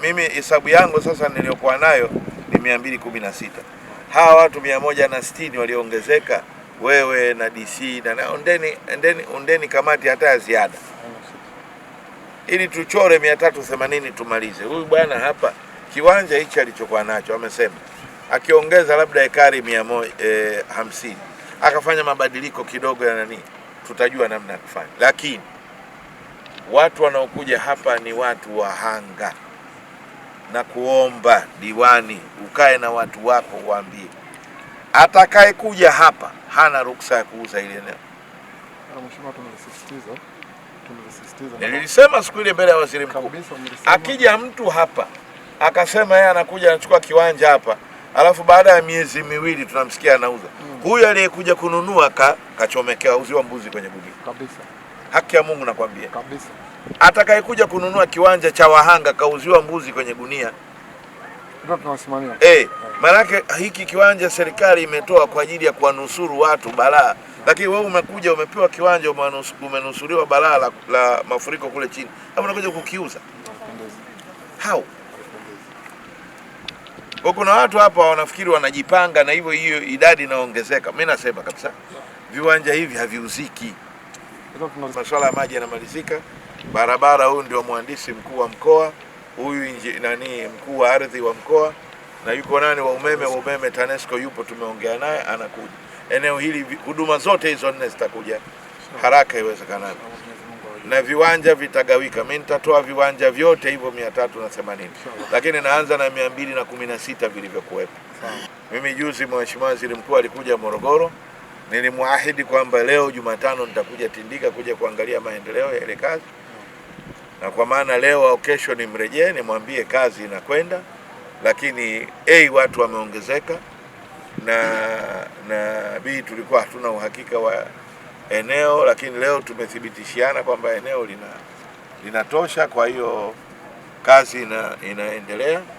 Mimi hesabu yangu sasa niliyokuwa nayo ni mia mbili kumi na sita. Hawa watu mia moja na sitini walioongezeka, wewe na DC na undeni, undeni, undeni kamati hata ya ziada ili tuchore mia tatu themanini tumalize. Huyu bwana hapa kiwanja hichi alichokuwa nacho amesema akiongeza labda ekari mia moja eh, hamsini akafanya mabadiliko kidogo ya nani, tutajua namna ya kufanya, lakini watu wanaokuja hapa ni watu wahanga na kuomba diwani, ukae na watu wako waambie, atakayekuja hapa hana ruksa ya kuuza ile eneo. Nilisema siku ile mbele ya waziri mkuu, akija mtu hapa akasema yeye anakuja anachukua kiwanja hapa, alafu baada ya miezi miwili tunamsikia anauza, mm. huyu aliyekuja kununua kachomekewa uziwa mbuzi kwenye gunia kabisa. Haki ya Mungu nakwambia kabisa, atakayekuja kununua kiwanja cha wahanga kauziwa mbuzi kwenye gunia. Hey, eh, maanake hiki kiwanja serikali imetoa kwa ajili ya kuwanusuru watu balaa, lakini wewe umekuja umepewa kiwanja umenusuriwa balaa la, la mafuriko kule chini, hapo unakuja kukiuza hao. Kwa kuna watu hapa wanafikiri wanajipanga na hivyo hiyo idadi inaongezeka. Mimi nasema kabisa viwanja hivi haviuziki. Masuala ya maji yanamalizika, barabara, huyu ndio mhandisi mkuu wa mkoa, huyu nani mkuu wa ardhi wa mkoa, na yuko nani wa umeme wa umeme TANESCO yupo, tumeongea naye, anakuja eneo hili. Huduma zote hizo nne zitakuja haraka iwezekanavyo na viwanja vitagawika. Mimi nitatoa viwanja vyote hivyo mia tatu na themanini lakini naanza na mia mbili na kumi na sita vilivyokuwepo. Mimi juzi, mheshimiwa waziri mkuu alikuja Morogoro. Nilimwahidi kwamba leo Jumatano nitakuja Tindika kuja kuangalia maendeleo ya ile kazi, na kwa maana leo au kesho nimrejee nimwambie kazi inakwenda, lakini a watu wameongezeka na na b tulikuwa hatuna uhakika wa eneo, lakini leo tumethibitishiana kwamba eneo lina linatosha. Kwa hiyo kazi ina, inaendelea.